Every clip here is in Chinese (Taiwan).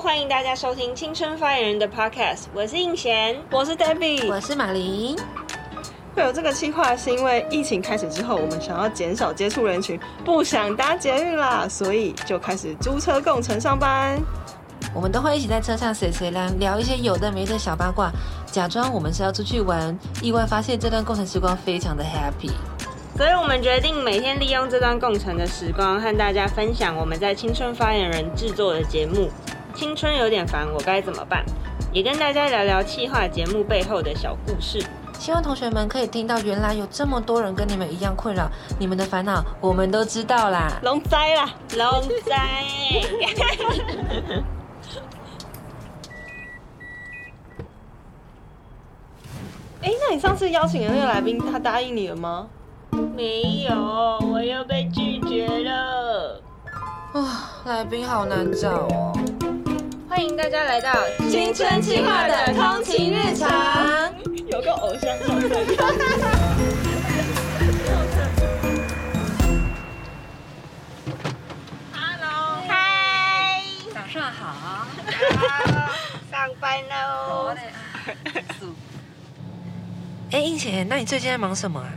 歡迎大家收聽《青春發言人的 Podcast》，我是映嫻，我是 Debbie，我是馬林。 會有這個計劃是因為疫情開始之後，我們想要減少接觸人群，不想搭捷運啦，所以就開始租車共乘上班, 乘上班。 我們都會一起在車上誰誰聊聊一些有的沒的小八卦，假裝我們是要出去玩。意外發現這段共乘時光非常的 happy，所以我們決定每天利用這段共乘的時光，和大家分享我們在《青春發言人》制作的節目。青春有點煩，我該怎麼辦？也跟大家聊聊企劃節目背後的小故事。希望同學們可以聽到，原來有這麼多人跟你們一樣困擾，你們的煩惱我們都知道啦。龍災啦，龍災！哎， 那你上次邀請的那個來賓，他答應你了嗎？沒有，我又被拒絕了。啊，來賓好難找哦。歡迎大家來到青春計劃的通勤日常。 有個偶像劇 。Hello，嗨，早上好。 上班了哎、哦 oh, yeah. 欸，英姐，那你最近在忙什麼啊？啊，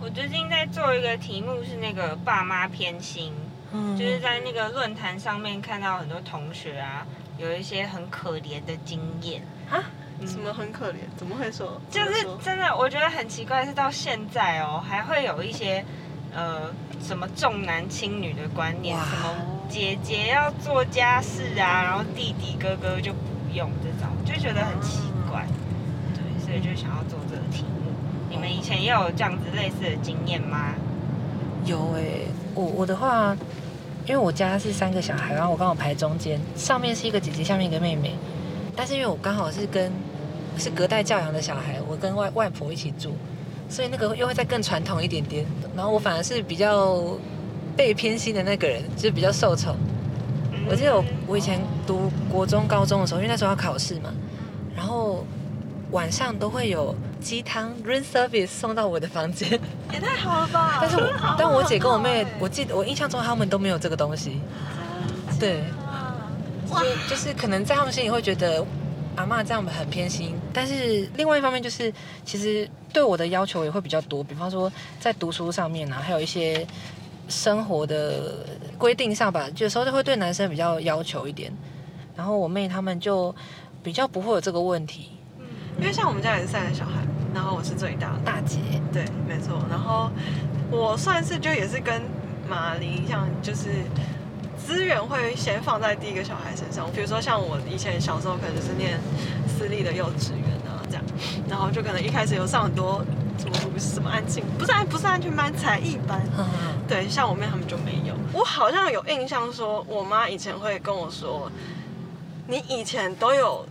我最近在做一個題目，是那個爸媽偏心，嗯，就是在那個論壇上面看到很多同學啊。有一些很可憐的經驗啊？什麼很可憐？怎麼會說？說就是真的，我覺得很奇怪，是到現在哦、喔，還會有一些，呃，什麼重男輕女的觀念，什麼姐姐要做家事啊，然後弟弟哥哥就不用這種，就覺得很奇怪、嗯。對，所以就想要做這個題目、嗯。你們以前也有這樣子類似的經驗嗎？有哎、欸，我我的話。因為我家是三個小孩，然後我剛好排中間，上面是一個姐姐，下面一個妹妹。但是因為我剛好是跟是隔代教養的小孩，我跟外外婆一起住，所以那個又會再更傳統一點點。然後我反而是比較被偏心的那個人，就是比較受寵。我記得我我以前讀國中、高中的時候，因為那時候要考試嘛，然後。晚上都會有雞湯 room service 送到我的房間，也太好了吧！但是我，但我姐跟我妹，我記得我印象中他們都沒有這個東西。對，就就是可能在他們心裡會覺得，阿媽這樣很偏心。但是另外一方面就是，其實對我的要求也會比較多，比方說在讀書上面啊，還有一些生活的規定上吧，有時候就會對男生比較要求一點。然後我妹他們就比較不會有這個問題。因為像我們家也是三個小孩，然後我是最大的大姐，對，沒錯。然後我算是就也是跟馬林一樣，就是資源會先放在第一個小孩身上。比如說像我以前小時候，可能就是念私立的幼稚園啊，這樣，然後就可能一開始有上很多什麼什麼安靜不是安，不是安全班，才藝班，對。像我妹他們就沒有。我好像有印象說，說我媽以前會跟我說，你以前都有。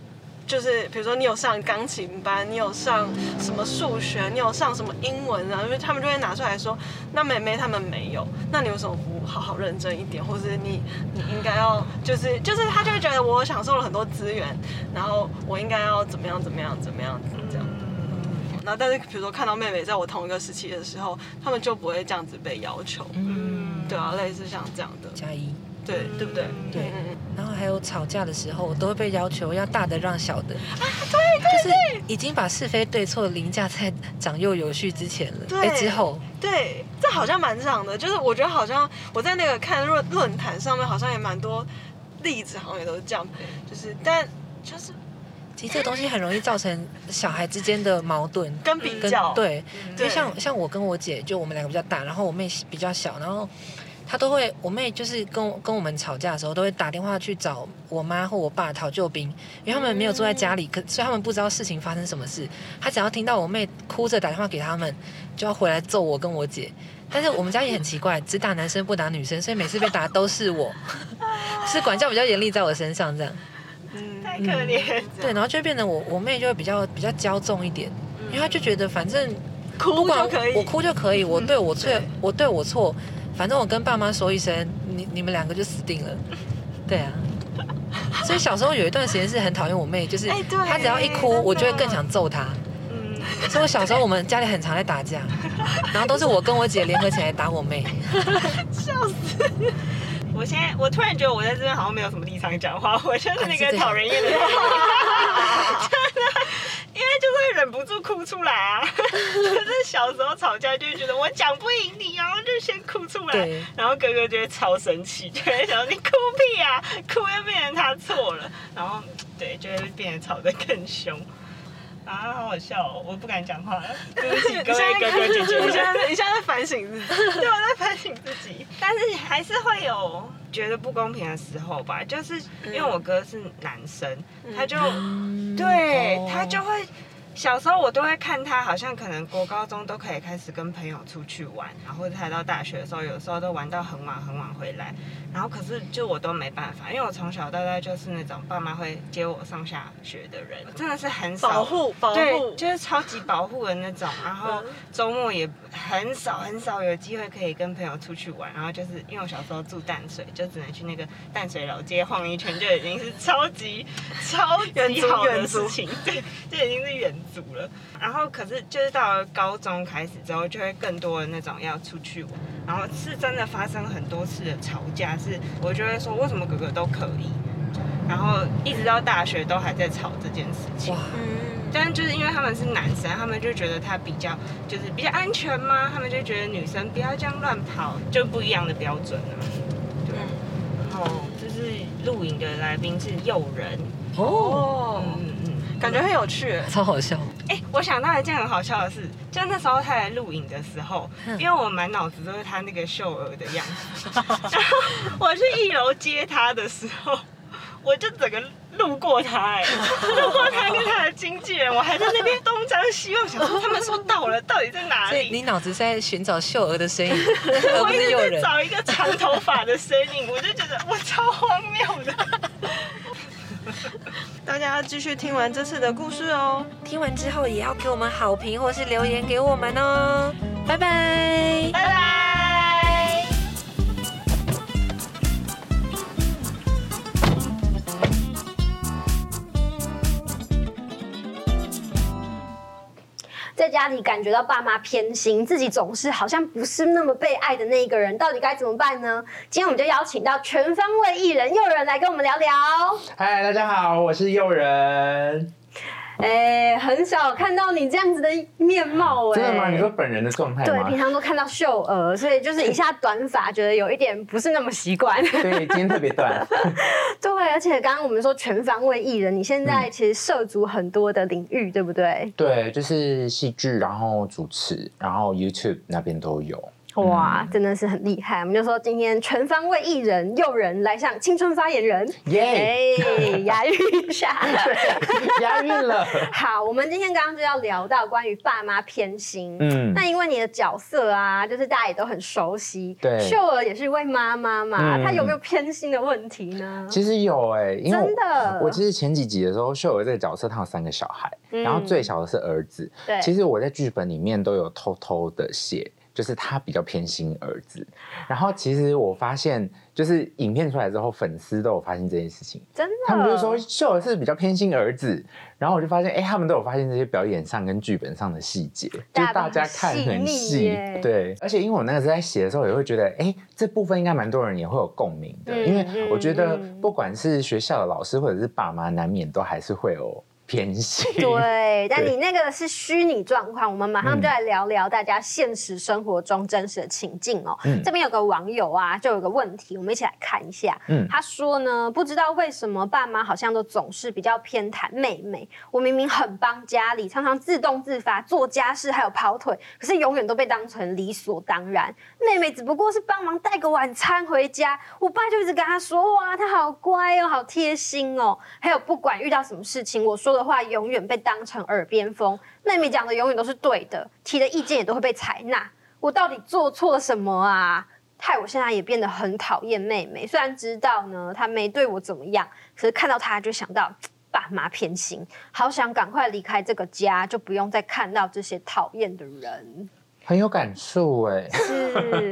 就是比如說你有上鋼琴班，你有上什麼數學，你有上什麼英文，啊、就是，他們就會拿出來說，那妹妹他們沒有，那你為什麼不好好認真一點，或是你你應該要就是就是他就會覺得我享受了很多資源，然後我應該要怎麼樣怎麼樣怎麼樣這樣。那但是比如說看到妹妹在我同一個時期的時候，他們就不會這樣子被要求，嗯。對啊，類似像這樣的。加、嗯、一。嗯對對不對，對，對、嗯？然後還有吵架的時候，我都會被要求要大的讓小的啊，對對，對，就是已經把是非對錯凌駕在長幼有序之前了。對，欸、之後對，這好像蠻長的，就是我覺得好像我在那個看論論壇上面，好像也蠻多例子，好像也都是這樣，就是但就是，其實這個東西很容易造成小孩之間的矛盾。跟比較、嗯、跟對，就像像我跟我姐，就我們兩個比較大，然後我妹比較小，然後。他都會，我妹就是跟我跟我們吵架的時候，都會打電話去找我媽或我爸討救兵，因為他們沒有坐在家裡，嗯、可所以他們不知道事情發生什麼事。他只要聽到我妹哭着打電話給他們，就要回來揍我跟我姐。但是我們家也很奇怪， 只打男生不打女生，所以每次被打都是我， 是管教比較嚴厲在我身上這樣。嗯，嗯，太可憐、嗯。對，然後就變得我我妹就會比較比較驕縱一點、嗯，因為她就覺得反正哭嘛，我哭就可以，我對我錯 我對我錯。反正我跟爸媽說一聲，你你們兩個就死定了，對啊。所以小時候有一段時間是很討厭我妹，就是她只要一哭、欸，我就會更想揍她。嗯。所以我小時候我們家裡很常在打架，然後都是我跟我姐聯合起來打我妹。笑，笑死！我現在我突然覺得我在這邊好像沒有什麼立場講話，我就是那個討人厭的人。 真的。因為就會忍不住哭出來啊！可是小時候吵架，就會覺得我講不贏你，然後就先哭出來，然後哥哥就會超生氣，就會想你哭屁啊，哭又變成他錯了，然後對，就會變得吵得更凶啊！好好笑喔，我不敢講話，對不起，各位哥哥姐姐，你現在現在，現在反省自己，對，我在反省自己，但是你還是會有。覺得不公平的時候吧，就是因為我哥是男生，嗯、他就、嗯、對、哦、他就會。小時候我都會看他，好像可能國高中，都可以開始跟朋友出去玩，然後他到大學的時候，有時候都玩到很晚很晚回來。然後可是就我都沒辦法，因為我從小到大就是那種爸媽會接我上下學的人，真的是很少，保護保護，對，就是超級保護的那種。然後周末也很少很少有機會可以跟朋友出去玩。然後就是因為我小時候住淡水，就只能去那個淡水老街晃一圈，就已經是超級超級遠的事情。遠足遠足，對，這已經是遠了，然後可是就是到了高中開始之後，就會更多的那種要出去玩，然後是真的發生很多次的吵架，是我就會說為什麼哥哥都可以，然後一直到大學都還在吵這件事情。嗯。但是就是因為他們是男生，他們就覺得他比較就是比較安全嘛，他們就覺得女生不要這樣亂跑，就不一樣的標準了，啊。對，然後就是錄影的來賓是又仁。哦。感覺很有趣，超好笑。哎、欸，我想到了一件很好笑的事，就那時候他來錄影的時候，因為我滿腦子都是他那個秀兒的樣子， 然後我去一樓接他的時候，我就整個路過他， 路過他跟他的經紀人，我還在那邊東張西望，我想說他們說到了， 到底在哪裡？所以你腦子在尋找秀兒的身影， 我一直在找一個長頭髮的身影， 我就覺得我超荒謬的。大家要繼續聽完這次的故事哦，聽完之後也要給我們好評或是留言給我們哦，拜拜。拜拜。家裡感覺到爸媽偏心，自己總是好像不是那麼被愛的那一個人，到底該怎麼辦呢？今天我們就邀請到全方位藝人又仁來跟我們聊聊。嗨，大家好，我是又仁。哎、欸，很少看到你這樣子的面貌，哎、欸。真的嗎？你說本人的狀態嗎？對，平常都看到秀娥，所以就是一下短髮，覺得有一點不是那麼習慣。 對，今天特別短。 對，而且剛剛我們說全方位藝人，你現在其實涉足很多的領域，嗯、對不對？對，就是戲劇，然後主持，然後 YouTube 那邊都有。哇、嗯，真的是很厲害！我們就說今天全方位藝人又仁來向青春發言人，耶，押韻一下，押韻了。好，我們今天剛剛就要聊到關於爸媽偏心，嗯，那因為你的角色啊，就是大家也都很熟悉，對，秀娥也是一位媽媽嘛，她、嗯、有沒有偏心的問題呢？其實有哎、欸，因為真的，我其實前幾集的時候，秀娥這個角色她有三個小孩、嗯，然後最小的是兒子，對，其實我在劇本裡面都有偷偷的寫。就是他比較偏心兒子，然後其實我發現，就是影片出來之後，粉絲都有發現這件事情，真的，他們就說秀兒是比較偏心兒子，然後我就發現，哎、欸，他們都有發現這些表演上跟劇本上的細節，就是、大家看很細，對，而且因為我那個時候在寫的時候，也會覺得，哎、欸，這部分應該蠻多人也會有共鳴的，因為我覺得不管是學校的老師或者是爸媽，難免都還是會有。偏心 對，但你那個是虛擬狀況，我們馬上就來聊聊大家現實生活中真實的情境哦。嗯，這邊有個網友啊，就有個問題，我們一起來看一下。嗯，他說呢，不知道為什麼爸媽好像都總是比較偏袒妹妹。我明明很幫家裡，常常自動自發做家事，還有跑腿，可是永遠都被當成理所當然。妹妹只不過是幫忙帶個晚餐回家，我爸就一直跟他說，哇，他好乖哦，好貼心哦。還有不管遇到什麼事情，我說的話永遠被當成耳邊風，妹妹講的永遠都是對的，提的意見也都會被採納。我到底做錯了什麼啊？害我現在也變得很討厭妹妹。雖然知道呢，她沒對我怎麼樣，可是看到她就想到爸媽偏心，好想趕快離開這個家，就不用再看到這些討厭的人。很有感觸哎、欸，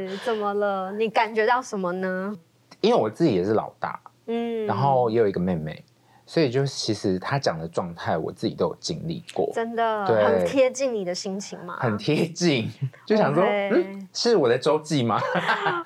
是怎麼了？你感覺到什麼呢？因為我自己也是老大，嗯，然後也有一個妹妹。所以就其實他講的狀態，我自己都有經歷過，真的。對，很貼近你的心情嘛。很貼近。就想說，嗯、是我的周記嗎？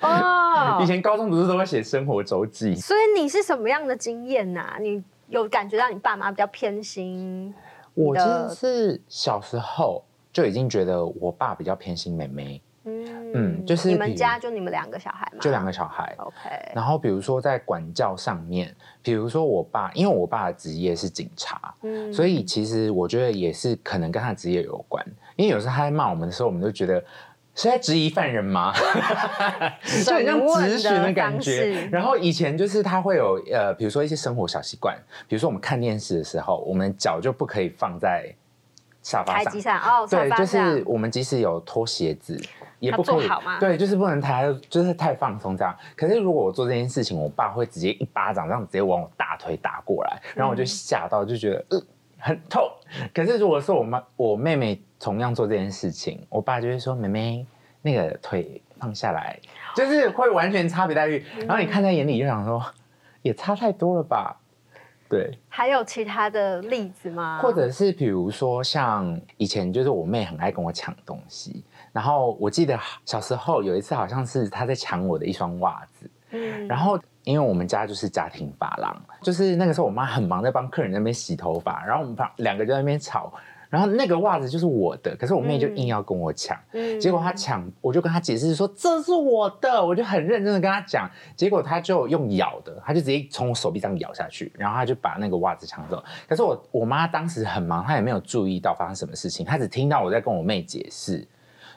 oh. 以前高中不是都會寫生活周記？所以你是什麼樣的經驗呐、啊？你有感覺到你爸媽比較偏心的？我其實是小時候就已經覺得我爸比較偏心妹妹。嗯，就是你們家就你們兩個小孩嗎？就兩個小孩。OK。然後比如說在管教上面，比如說我爸，因為我爸的職業是警察，嗯、所以其實我覺得也是可能跟他職業有關。因為有時候他在罵我們的時候，我們就覺得是在質疑犯人嗎？哈 就很像質詢的感覺的方式。然後以前就是他會有呃，比如說一些生活小習慣，比如說我們看電視的時候，我們腳就不可以放在。沙發上，上哦上，對，就是我們即使有脫鞋子，嗯，也不可以好。對，就是不能太，就是太放鬆這樣。可是如果我做這件事情，我爸會直接一巴掌，這樣直接往我大腿打過來，然後我就嚇到，就覺得嗯、呃，很痛。可是如果說我媽、我妹妹同樣做這件事情，我爸就會說：“妹妹，那個腿放下來。”就是會完全差別待遇。然後你看在眼裡，就想說、嗯，也差太多了吧。對，還有其他的例子嗎？或者是比如說，像以前就是我妹很愛跟我搶東西，然後我記得小時候有一次，好像是她在搶我的一雙襪子，嗯，然後因為我們家就是家庭髮廊，就是那個時候我媽很忙在幫客人在那邊洗頭髮，然後我們兩個就在那邊吵，然後那個襪子就是我的，可是我妹就硬要跟我搶，嗯、結果她搶，我就跟她解釋說，這是我的，我就很認真的跟她講，結果她就用咬的，她就直接從我手臂上咬下去，然後她就把那個襪子搶走。可是我我媽當時很忙，她也沒有注意到發生什麼事情，她只聽到我在跟我妹解釋，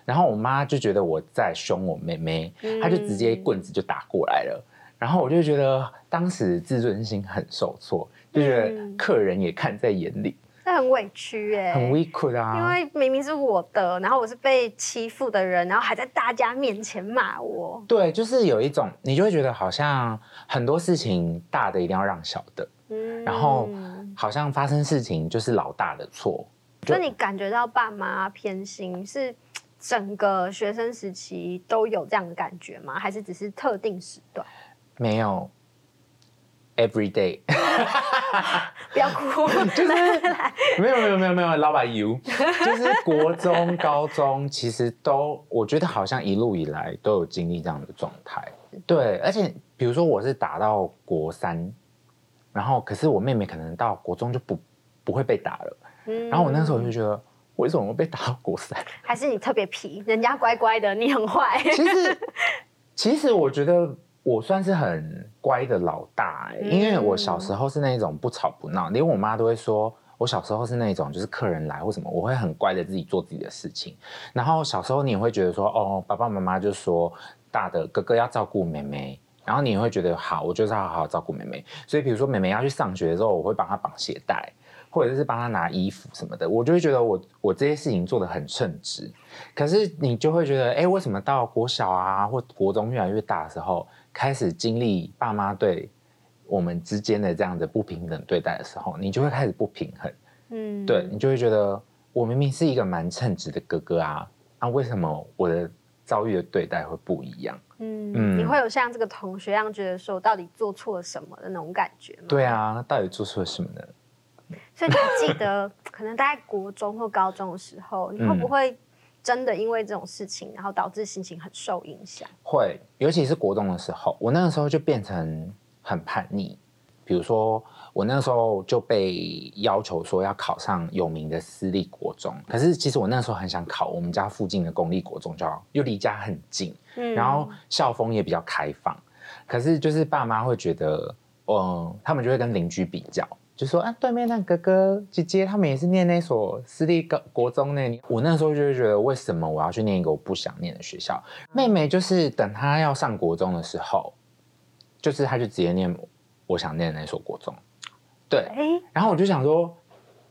然後我媽就覺得我在凶我妹妹，她就直接棍子就打過來了，然後我就覺得當時自尊心很受挫，就覺得客人也看在眼裡。嗯嗯很委屈哎、欸，很委屈啊！因為明明是我的，然後我是被欺負的人，然後還在大家面前罵我。對，就是有一種你就會覺得好像很多事情大的一定要讓小的，嗯，然後好像發生事情就是老大的錯。所以你感覺到爸媽偏心，是整個學生時期都有這樣的感覺嗎？還是只是特定時段？沒有，every day。 不要哭，就是、 沒有沒有沒有沒有，老闆油，就是國中、 高中，其實都我覺得好像一路以來都有經歷這樣的狀態。對，而且比如說我是打到國三，然後可是我妹妹可能到國中就不不會被打了、嗯。然後我那時候我就覺得，我為什麼被打到國三？還是你特別皮，人家乖乖的，你很壞。其實，其實我覺得。我算是很乖的老大哎，因為我小時候是那種不吵不鬧，連我媽都會說，我小時候是那種就是客人來或什麼，我會很乖的自己做自己的事情。然後小時候你也會覺得說，哦，爸爸媽媽就說大的哥哥要照顧妹妹，然後你也會覺得好，我就是要好好好照顧妹妹。所以比如說妹妹要去上學的時候，我會幫她綁鞋帶，或者是幫她拿衣服什麼的，我就會覺得我我這些事情做得很稱職。可是你就會覺得，哎，為什麼到國小啊或國中越來越大的時候？開始經歷爸媽對我們之間的這樣的不平等對待的時候，你就會開始不平衡，嗯，對，你就會覺得我明明是一個蠻稱職的哥哥啊，那、啊、為什麼我的遭遇的對待會不一樣？嗯，嗯，你會有像這個同學一樣覺得說，我到底做錯了什麼的那種感覺嗎？對啊，到底做錯了什麼呢？所以你記得， 可能大概國中或高中的時候，你會不會、嗯？真的因為這種事情，然後導致心情很受影響。會，尤其是國中的時候，我那個時候就變成很叛逆。比如說，我那時候就被要求說要考上有名的私立國中，可是其實我那時候很想考我們家附近的公立國中，就又離家很近，嗯，然後校風也比較開放。可是就是爸媽會覺得，嗯，呃，他們就會跟鄰居比較。就說啊，對面那哥哥姐姐他們也是念那所私立國國中呢。我那時候就覺得，為什麼我要去念一個我不想念的學校？妹妹就是等她要上國中的時候，就是她就直接念我想念那所國中。對，然後我就想說，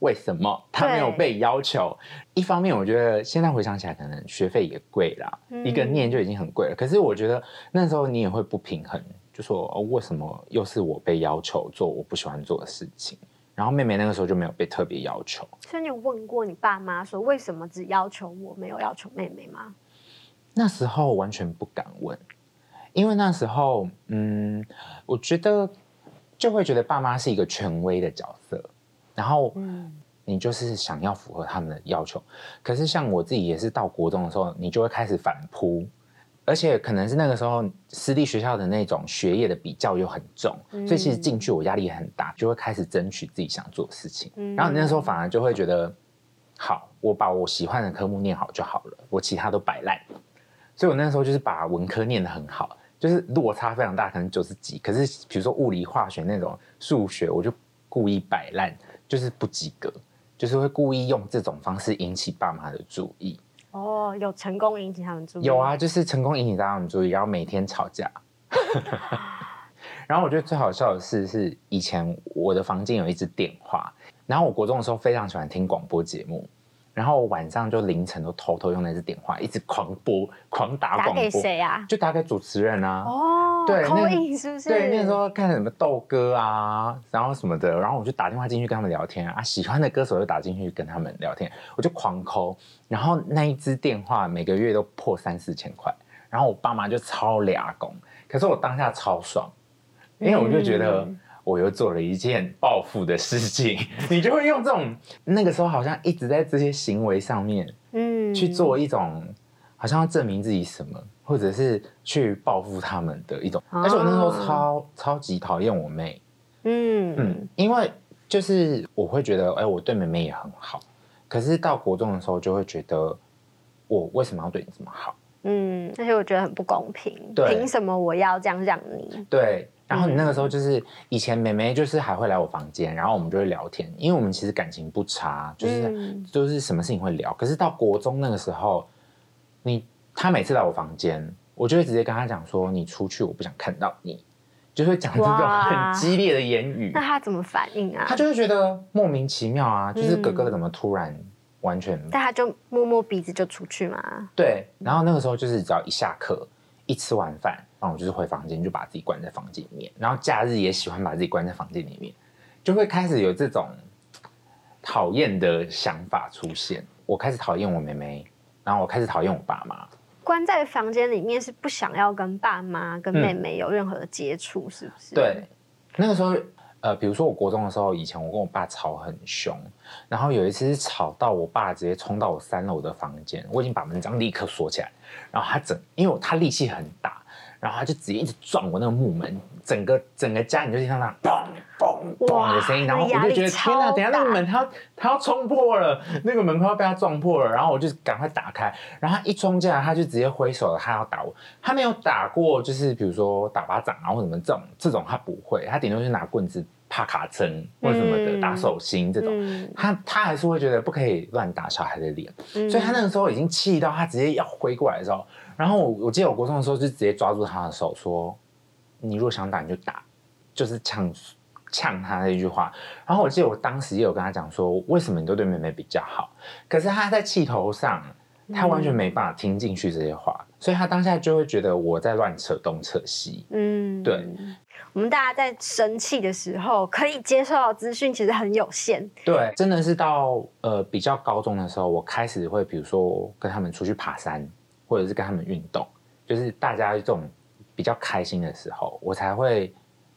為什麼她沒有被要求？一方面，我覺得現在回想起來，可能學費也貴了、嗯，一個念就已經很貴了。可是我覺得那時候你也會不平衡。就說，哦，為什麼又是我被要求做我不喜歡做的事情？然後妹妹那個時候就沒有被特別要求。所以你有問過你爸媽說為什麼只要求我沒有要求妹妹嗎？那時候完全不敢問，因為那時候嗯，我覺得就會覺得爸媽是一個權威的角色，然後你就是想要符合他們的要求。可是像我自己也是到國中的時候，你就會開始反撲。而且可能是那個時候私立學校的那種學業的比較又很重、嗯，所以其實進去我壓力也很大，就會開始爭取自己想做的事情、嗯。然後那時候反而就會覺得，好，我把我喜歡的科目念好就好了，我其他都擺爛。所以我那時候就是把文科念得很好，就是落差非常大，可能九十幾。可是比如說物理、化學那種數學，我就故意擺爛，就是不及格，就是會故意用這種方式引起爸媽的注意。哦、有成功引起他們注意？有啊，就是成功引起大家們注意，然後每天吵架。 然後我覺得最好笑的事是，以前我的房間有一支電話，然後我國中的時候非常喜歡聽廣播節目。然後晚上就凌晨都偷偷用那支電話一直狂撥、狂打廣播，打給誰啊？就打給主持人啊。哦、oh,，對，扣引是不是？對，那時候說看什麼鬥歌啊，然後什麼的，然後我就打電話進去跟他們聊天啊，啊喜歡的歌手就打進去跟他們聊天，我就狂扣。然後那一支電話每個月都破三四千塊，然後我爸媽就超累工。可是我當下超爽，因為我就覺得。嗯我又做了一件報復的事情，你就會用這種那個時候好像一直在這些行為上面，嗯，去做一種好像要證明自己什麼，或者是去報復他們的一種、哦。而且我那時候超、嗯、超級討厭我妹，嗯嗯，因為就是我會覺得，哎、欸，我對妹妹也很好，可是到國中的時候就會覺得，我為什麼要對你這麼好？嗯，而且我覺得很不公平，對，憑什麼我要這樣讓你？對。然後你那個時候就是以前妹妹就是還會來我房間、嗯，然後我們就會聊天，因為我們其實感情不差，就是、嗯、就是什麼事情會聊。可是到國中那個時候，你她每次來我房間，我就會直接跟她講說，你出去，我不想看到你，就會講這種很激烈的言語。那她怎麼反應啊？她就會覺得莫名其妙啊，就是哥哥怎麼突然完全。嗯、但她就摸摸鼻子就出去嘛。對，然後那個時候就是只要一下課，一吃完飯。然後我就是回房間，就把自己關在房間裡面，然後假日也喜歡把自己關在房間裡面，就會開始有這種討厭的想法出現。我開始討厭我妹妹，然後我開始討厭我爸媽。關在房間裡面是不想要跟爸媽、跟妹妹有任何的接觸，是不是？嗯，對。那個時候，呃，比如說我國中的時候，以前我跟我爸吵很凶，然後有一次是吵到我爸直接衝到我三樓的房間，我已經把門這樣立刻鎖起來，然後他整，因為他力氣很大。然後他就直接一直撞我那個木門，整個整個家你就聽到那嘣嘣嘣的聲音。然後我就覺得天哪，等下那個門他要他要衝破了，那個門快要被他撞破了。然後我就趕快打開，然後他一衝進來，他就直接揮手了，他要打我。他沒有打過，就是比如說打巴掌啊或什麼這種，這種他不會，他頂多就拿棍子啪卡針或者什麼的打、嗯、手心這種。嗯、他他還是會覺得不可以亂打小孩的臉、嗯，所以他那個時候已經氣到他直接要揮過來的時候，然後我，我記得我國中的時候就直接抓住他的手說：“你如果想打你就打，就是嗆嗆他那句話。”然後我記得我當時也有跟他講說：“為什麼你都對妹妹比較好？”可是他在氣頭上，他完全沒辦法聽進去這些話，嗯，所以他當下就會覺得我在亂扯東扯西。嗯，對。我們大家在生氣的時候，可以接受到資訊其實很有限。對，真的是到呃比較高中的時候，我開始會比如說跟他們出去爬山。或者是跟他們運動，就是大家這種比較開心的時候，我才會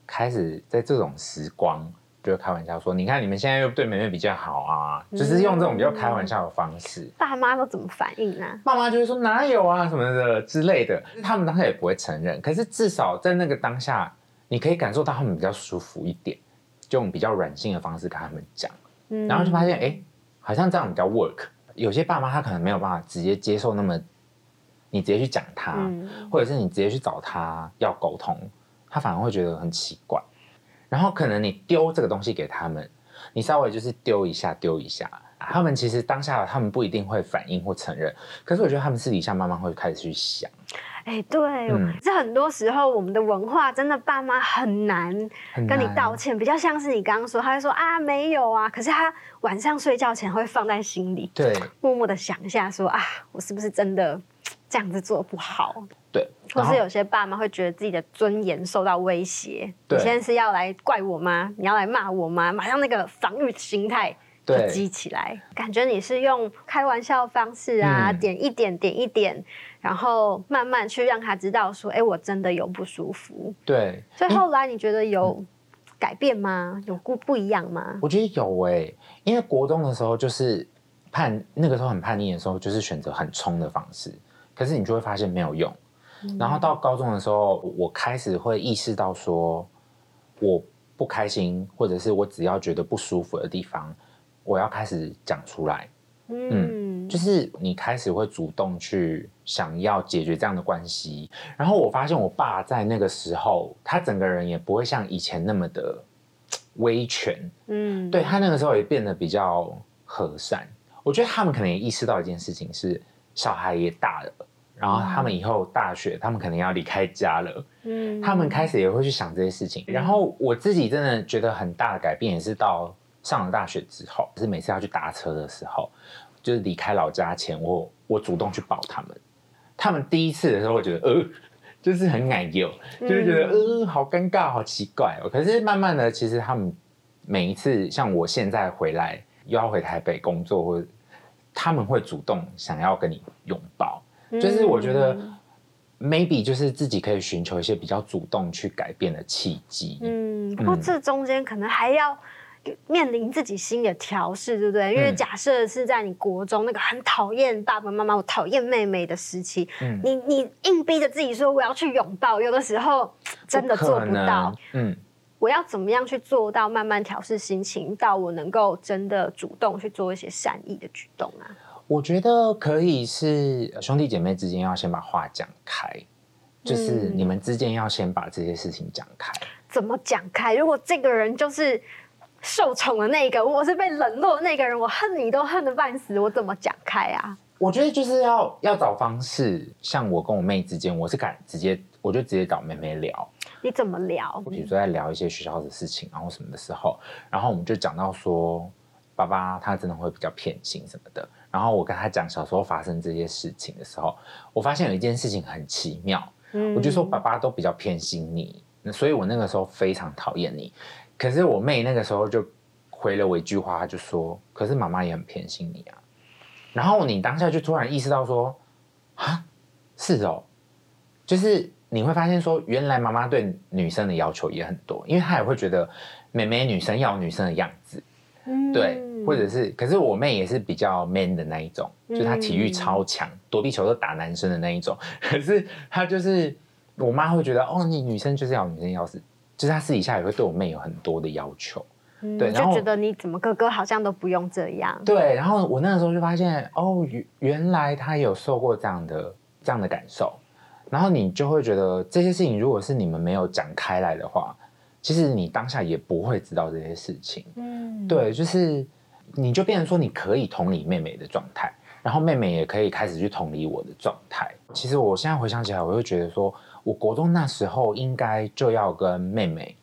開始在這種時光，就開玩笑說：“你看，你們現在又對妹妹比較好啊。嗯”就是用這種比較開玩笑的方式。嗯、爸媽都怎麼反應呢？啊？爸媽就會說：“哪有啊，什麼的之類的。”他們當時也不會承認，可是至少在那個當下，你可以感受到他們比較舒服一點，就用比較軟性的方式跟他們講，嗯，然後就發現，哎、欸，好像這樣比較 work。有些爸媽他可能沒有辦法直接接受那麼。你直接去講他、嗯，或者是你直接去找他要溝通，他反而會覺得很奇怪。然後可能你丟這個東西給他們，你稍微就是丟一下，丟一下，他們其實當下他們不一定會反應或承認。可是我覺得他們私底下慢慢會開始去想。哎、欸，對，這、嗯、很多時候我們的文化真的爸媽很難跟你道歉，啊、比較像是你剛剛說，他會說啊沒有啊，可是他晚上睡覺前會放在心裡，對，默默的想一下說，說啊我是不是真的這樣子做不好，對，或是有些爸媽會覺得自己的尊嚴受到威脅。對，你現在是要來怪我嗎？你要來罵我嗎？馬上那個防禦心態就激起來，感覺你是用開玩笑的方式啊，嗯、點一點，點一點，然後慢慢去讓他知道說，哎、欸，我真的有不舒服。對，所以後來你覺得有、嗯、改變嗎？有不不一樣嗎？我覺得有誒、欸，因為國中的時候就是叛，那個時候很叛逆的時候，就是選擇很衝的方式。可是你就會發現沒有用，然後到高中的時候，嗯，我開始會意識到說，我不開心，或者是我只要覺得不舒服的地方，我要開始講出來。嗯，嗯，就是你開始會主動去想要解決這樣的關係。然後我發現我爸在那個時候，他整個人也不會像以前那麼的威權，嗯，對他那個時候也變得比較和善。我覺得他們可能也意識到一件事情是，是小孩也大了。然後他們以後大學，他們可能要離開家了。嗯，他們開始也會去想這些事情。嗯、然後我自己真的覺得很大的改變，也是到上了大學之後，就是每次要去搭車的時候，就是離開老家前，我我主動去抱他們。他們第一次的時候會覺得呃，就是很奶油，就會覺得、嗯、呃好尷尬、好奇怪、哦。可是慢慢的，其實他們每一次像我現在回來又要回台北工作，或他們會主動想要跟你擁抱。就是我覺得、嗯、maybe 就是自己可以尋求一些比較主動去改變的契機、嗯。嗯，不過這中間可能還要面臨自己心理的調適，對不對？嗯、因為假設是在你國中那個很討厭爸爸媽媽，我討厭妹妹的時期，嗯、你你硬逼着自己說我要去擁抱，有的時候真的做不到。嗯，我要怎麼樣去做到慢慢調適心情，到我能夠真的主動去做一些善意的舉動啊？我覺得可以是兄弟姐妹之間要先把話講開，嗯，就是你們之間要先把這些事情講開。怎麼講開？如果這個人就是受寵的那個，我是被冷落的那個人，我恨你都恨得半死，我怎麼講開啊？我覺得就是要要找方式。像我跟我妹之間，我是敢直接，我就直接找妹妹聊。你怎麼聊？比如說在聊一些學校的事情，然後什麼的時候，然後我們就講到說，爸爸他真的會比較偏心什麼的。然後我跟他講小時候發生這些事情的時候，我發現有一件事情很奇妙，嗯，我就說爸爸都比較偏心你，所以我那個時候非常討厭你。可是我妹那個時候就回了我一句話，她就說：“可是媽媽也很偏心你啊。”然後你當下就突然意識到說：“蛤，是哦。”就是你會發現說，原來媽媽對女生的要求也很多，因為她也會覺得妹妹女生要女生的樣子。嗯、對，或者是，可是我妹也是比較 man 的那一種，嗯、就是、她體育超強，躲避球都打男生的那一種。可是她就是，我媽會覺得，哦，你女生就是要女生要死，就是她私底下也會對我妹有很多的要求。對，嗯、然後覺得你怎麼哥哥好像都不用這樣。對，然後我那個時候就發現，哦，原來她也有受過這樣的這樣的感受。然後你就會覺得，這些事情如果是你們沒有講開來的話。其實你當下也不會知道這些事情，嗯，對，就是你就變成說，你可以同理妹妹的狀態，然後妹妹也可以開始去同理我的狀態。其實我現在回想起來，我就覺得說，我國中那時候應該就要跟妹妹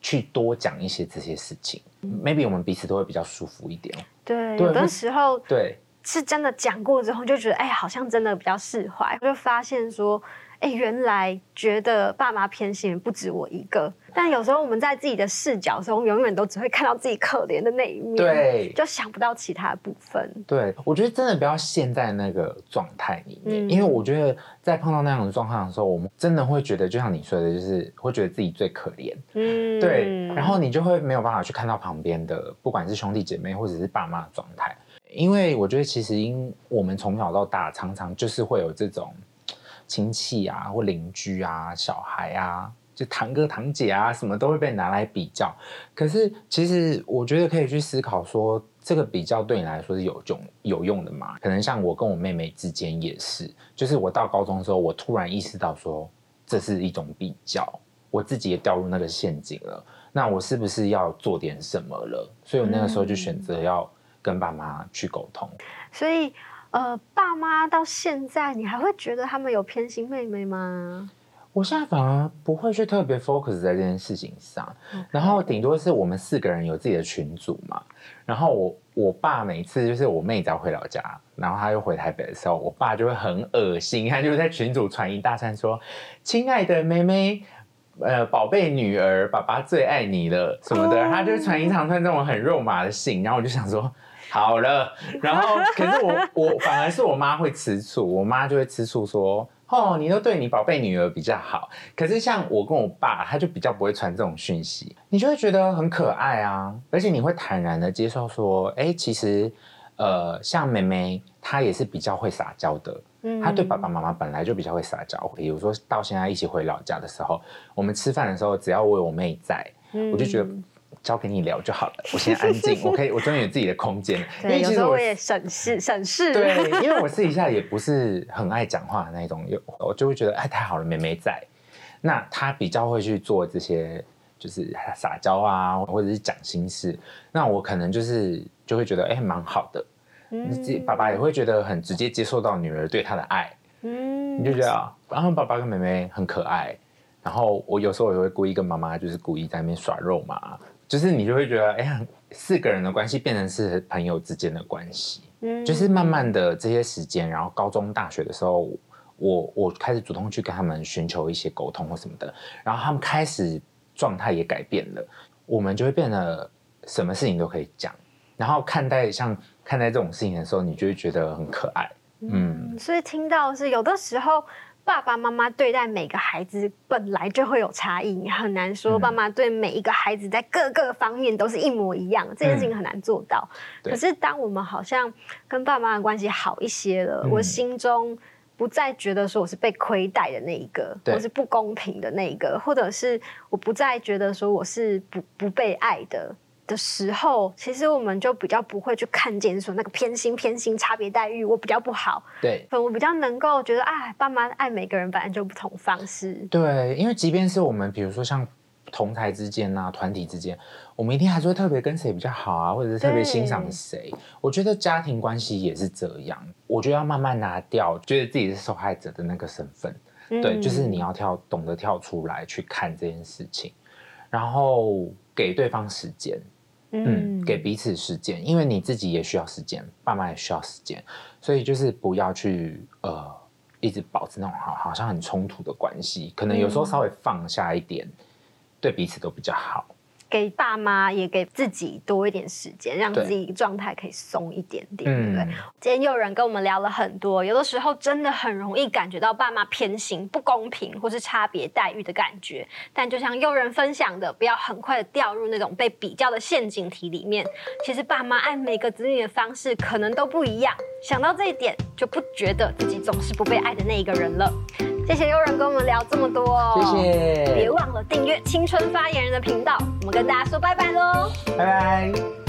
去多講一些這些事情，嗯，maybe 我們彼此都會比較舒服一點。對，對有的時候對是真的講過之後就覺得，哎，好像真的比較釋懷，就發現說。哎、欸，原來覺得爸媽偏心不止我一個，但有時候我們在自己的視角的時候，永遠都只會看到自己可憐的那一面，對，就想不到其他的部分。對，我覺得真的不要陷在那個狀態裡面，嗯、因為我覺得在碰到那樣的狀況的時候，我們真的會覺得，就像你說的，就是會覺得自己最可憐，嗯，對，然後你就會沒有辦法去看到旁邊的，不管是兄弟姐妹或者是爸媽的狀態，因為我覺得其實因我們從小到大常常就是會有這種。親戚啊，或鄰居啊，小孩啊，就堂哥堂姐啊，什麼都會被拿來比較。可是，其實我覺得可以去思考說，這個比較對你來說是有用、有用的嗎？可能像我跟我妹妹之間也是，就是我到高中的時候，我突然意識到說，這是一種比較，我自己也掉入那個陷阱了。那我是不是要做點什麼了？所以我那個時候就選擇要跟爸媽去溝通。所以。呃，爸媽到現在，你還會覺得他們有偏心妹妹嗎？我現在反而不會去特別 focus 在這件事情上，okay. 然後頂多是我們四個人有自己的群組嘛。然後我我爸每次就是我妹只要回老家，然後他又回台北的時候，我爸就會很噁心，他就在群組傳一大串說：“親愛的妹妹，呃，寶貝女兒，爸爸最愛你了什麼的。Oh. ”他就傳一長串這種很肉麻的信。然後我就想說。好了，然後可是我 我反而是我媽會吃醋，我媽就會吃醋說哦，你都對你寶貝女兒比較好。可是像我跟我爸，他就比較不會傳這種訊息，你就會覺得很可愛啊，而且你會坦然的接受說，哎，其實呃，像妹妹她也是比較會撒嬌的、嗯，她對爸爸媽媽本來就比較會撒嬌。比如說到現在一起回老家的時候，我們吃飯的時候，只要我有我妹在、嗯，我就覺得。交給你聊就好了，我先安靜， 我可以，我當然有自己的空間，因為其實有時候我也省事，省事對， 因為我私底下也不是很愛講話的那一種，有我就會覺得哎，太好了，妹妹在，那她比較會去做這些，就是撒嬌啊，或者是講心事，那我可能就是就會覺得哎，蠻好的、嗯，爸爸也會覺得很直接接受到女兒對他的愛，嗯，你就覺得啊，然後爸爸跟妹妹很可愛，然後我有時候也會故意跟媽媽就是故意在那邊耍肉嘛。就是你就會覺得，哎呀，四個人的關係變成是朋友之間的關係，嗯，就是慢慢的這些時間，然後高中、大學的時候，我我開始主動去跟他們尋求一些溝通或什麼的，然後他們開始狀態也改變了，我們就會變得什麼事情都可以講，然後看待像看待這種事情的時候，你就會覺得很可愛，嗯，嗯，所以聽到的是有的時候。爸爸媽媽對待每個孩子本來就會有差異，很難說爸媽對每一個孩子在各個方面都是一模一樣，嗯，這件事情很難做到，嗯。可是當我們好像跟爸媽的關係好一些了，嗯，我心中不再覺得說我是被虧待的那一個，嗯，我是不公平的那一個，或者是我不再覺得說我是不不被愛的。的時候，其實我們就比較不會去看見說那個偏心、偏心、差別待遇，我比較不好。對，我比較能夠覺得，啊，爸媽愛每個人，本來就不同方式。對，因為即便是我們，比如說像同台之間啊，團體之間，我們一定還是會特別跟誰比較好啊，或者是特別欣賞誰。我覺得家庭關係也是這樣。我覺得要慢慢拿掉，覺得自己是受害者的那個身份。嗯，對，就是你要跳，懂得跳出來去看這件事情，然後給對方時間。嗯，給彼此時間，因為你自己也需要時間，爸媽也需要時間，所以就是不要去呃，一直保持那種好，好像很衝突的關係，可能有時候稍微放下一點，嗯、對彼此都比較好。給爸媽也給自己多一點時間，讓自己狀態可以鬆一點點，對，對不對？嗯、今天又仁跟我們聊了很多，有的時候真的很容易感覺到爸媽偏心、不公平或是差別待遇的感覺。但就像又仁分享的，不要很快掉入那種被比較的陷阱題裡面。其實爸媽愛每個子女的方式可能都不一樣，想到這一點，就不覺得自己總是不被愛的那一個人了。謝謝又仁跟我們聊這麼多哦，謝謝！別忘了訂閱《青春發言人》的頻道，我們跟大家說拜拜嘍，拜拜！